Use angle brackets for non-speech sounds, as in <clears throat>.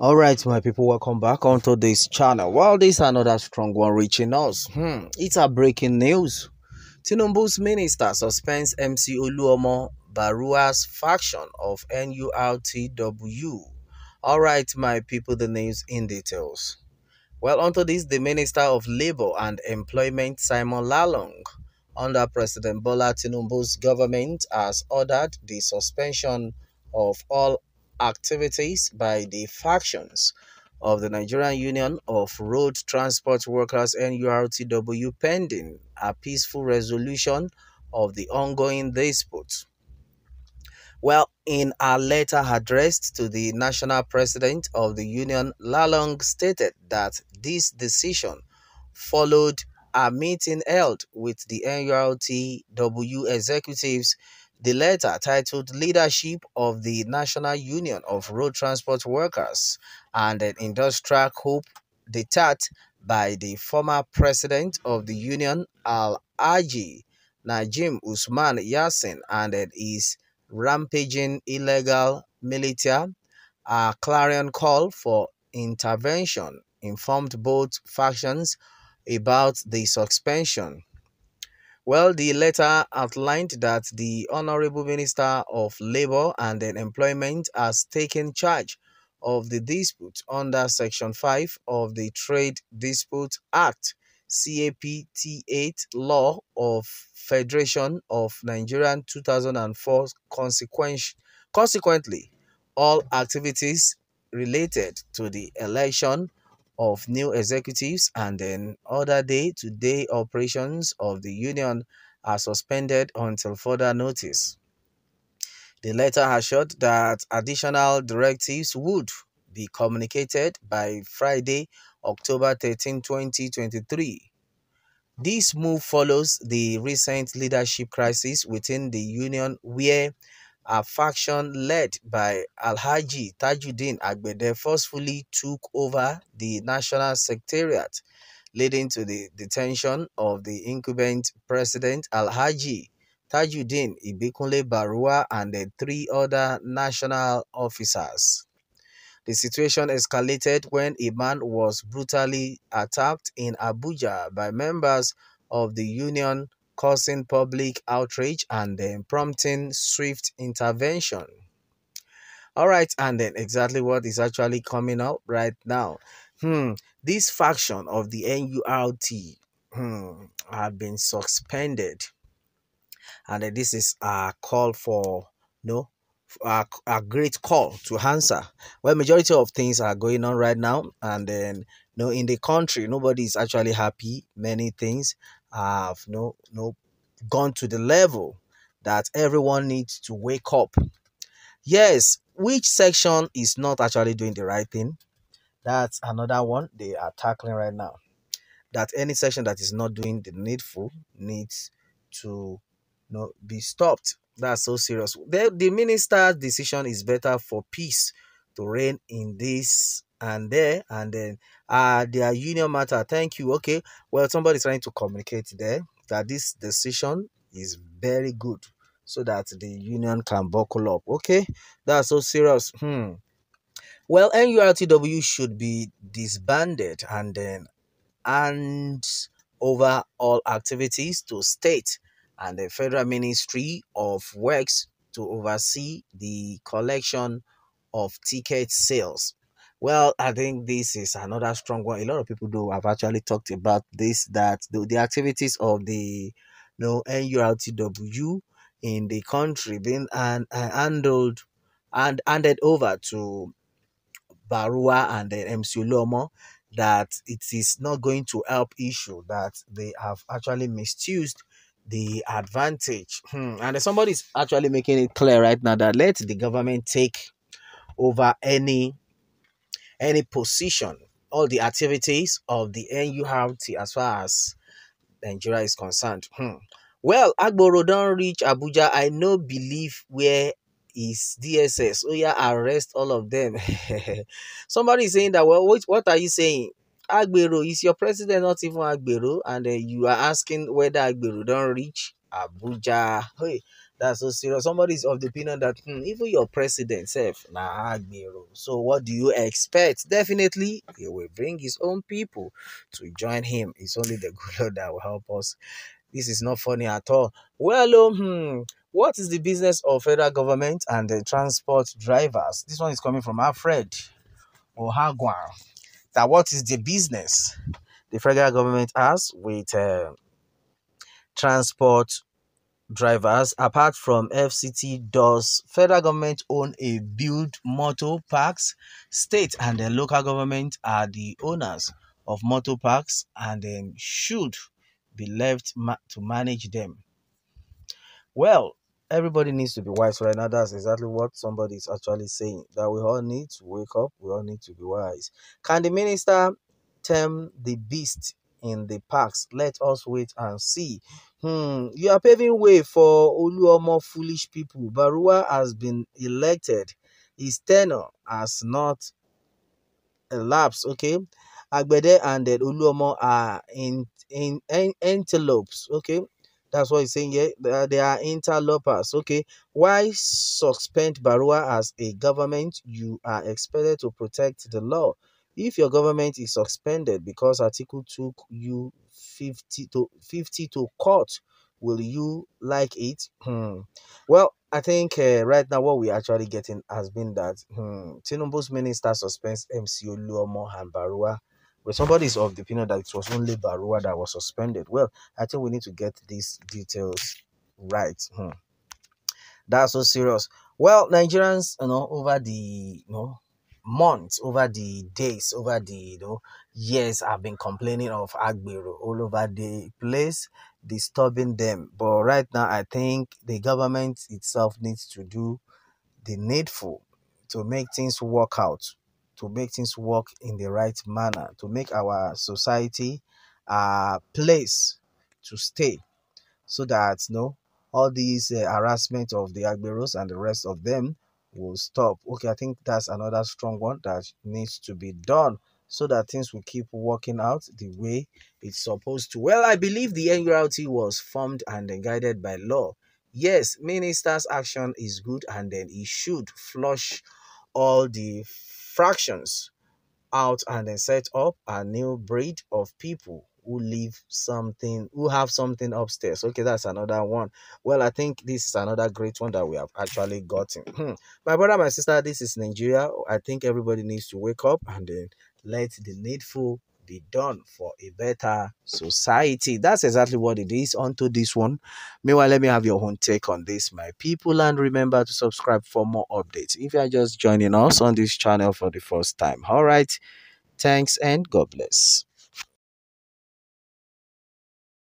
all right my people welcome back onto this channel well this is another strong one reaching us hmm, it's a breaking news tinubu's minister suspends mc oluomo barua's faction of nurtw all right my people the news in details well onto this the minister of labor and employment simon lalong under president bola tinubu's government has ordered the suspension of all activities by the factions of the Nigerian Union of Road Transport Workers NURTW pending a peaceful resolution of the ongoing dispute. Well, in a letter addressed to the national president of the union, Lalong stated that this decision followed a meeting held with the NURTW executives the letter, titled Leadership of the National Union of Road Transport Workers and an Industrial Coup d'etat by the former president of the union, Al Aji Najim Usman Yassin, and his rampaging illegal militia, a clarion call for intervention informed both factions about the suspension well, the letter outlined that the Honorable Minister of Labour and Employment has taken charge of the dispute under Section 5 of the Trade Dispute Act, CAPT 8 Law of Federation of Nigerian 2004. Consequently, all activities related to the election of new executives and then other day-to-day operations of the union are suspended until further notice. The letter assured that additional directives would be communicated by Friday, October 13, 2023. This move follows the recent leadership crisis within the union where a faction led by Alhaji Tajuddin Agbede forcefully took over the National Secretariat, leading to the detention of the incumbent president Alhaji Tajuddin Ibikunle Barua and the three other national officers. The situation escalated when a man was brutally attacked in Abuja by members of the Union causing public outrage and then prompting swift intervention. All right, and then exactly what is actually coming up right now. Hmm, this faction of the NURT hmm, have been suspended. And then this is a call for no a, a great call to answer. Well, majority of things are going on right now, and then no in the country nobody is actually happy. Many things, have no no gone to the level that everyone needs to wake up. Yes, which section is not actually doing the right thing? That's another one they are tackling right now. That any section that is not doing the needful needs to you know, be stopped. That's so serious. The, the minister's decision is better for peace to reign in this and there and then uh ah, their union matter thank you okay well somebody's trying to communicate there that this decision is very good so that the union can buckle up okay that's so serious hmm well nurtw should be disbanded and then and over all activities to state and the federal ministry of works to oversee the collection of ticket sales well, I think this is another strong one. A lot of people do have actually talked about this that the, the activities of the you know, NURTW in the country being and uh, handled and handed over to Barua and then MC Lomo that it is not going to help issue that they have actually misused the advantage hmm. and somebody's actually making it clear right now that let the government take over any any position, all the activities of the NURT as far as Nigeria is concerned. Hmm. Well, Agboro don't reach Abuja. I no believe where is DSS. Oh yeah, arrest all of them. <laughs> Somebody is saying that. Well, what, what are you saying? Agbero is your president not even Agbero, and uh, you are asking whether Agbero don't reach Abuja. Hey, that's so serious. Somebody's of the opinion that hmm, even your president self, nah, Agbero. So what do you expect? Definitely, he will bring his own people to join him. It's only the <laughs> good Lord that will help us. This is not funny at all. Well, um, hmm, what is the business of federal government and the transport drivers? This one is coming from Alfred Ohagwan. That what is the business the federal government has with uh, transport drivers apart from FCT does federal government own a build motor parks state and the local government are the owners of motor parks and then should be left ma- to manage them well everybody needs to be wise right now that's exactly what somebody is actually saying that we all need to wake up we all need to be wise can the minister tame the beast in the parks let us wait and see Hmm, you are paving way for Oluomo foolish people. Barua has been elected. His tenure has not elapsed. Okay. Agbede and Oluomo are in, in, in antelopes. Okay. That's what he's saying here. Yeah? They are interlopers. Okay. Why suspend Barua as a government? You are expected to protect the law. If your government is suspended because article Two, you 50 to 50 to court, will you like it? Hmm. Well, I think uh, right now what we're actually getting has been that hmm, Tinubu's minister suspends MCO Luomo and Barua. But somebody is of the opinion that it was only Barua that was suspended. Well, I think we need to get these details right. Hmm. That's so serious. Well, Nigerians, you know, over the you know months, over the days, over the you know years, I've been complaining of Agbero all over the place, disturbing them. But right now, I think the government itself needs to do the needful to make things work out, to make things work in the right manner, to make our society a place to stay, so that you no know, all these uh, harassment of the Agberos and the rest of them will stop okay i think that's another strong one that needs to be done so that things will keep working out the way it's supposed to well i believe the nurt was formed and guided by law yes ministers action is good and then he should flush all the fractions out and then set up a new breed of people who leave something who have something upstairs okay that's another one well i think this is another great one that we have actually gotten <clears throat> my brother my sister this is nigeria i think everybody needs to wake up and then let the needful be done for a better society. That's exactly what it is. Onto this one. Meanwhile, let me have your own take on this, my people, and remember to subscribe for more updates. If you are just joining us on this channel for the first time, all right. Thanks and God bless.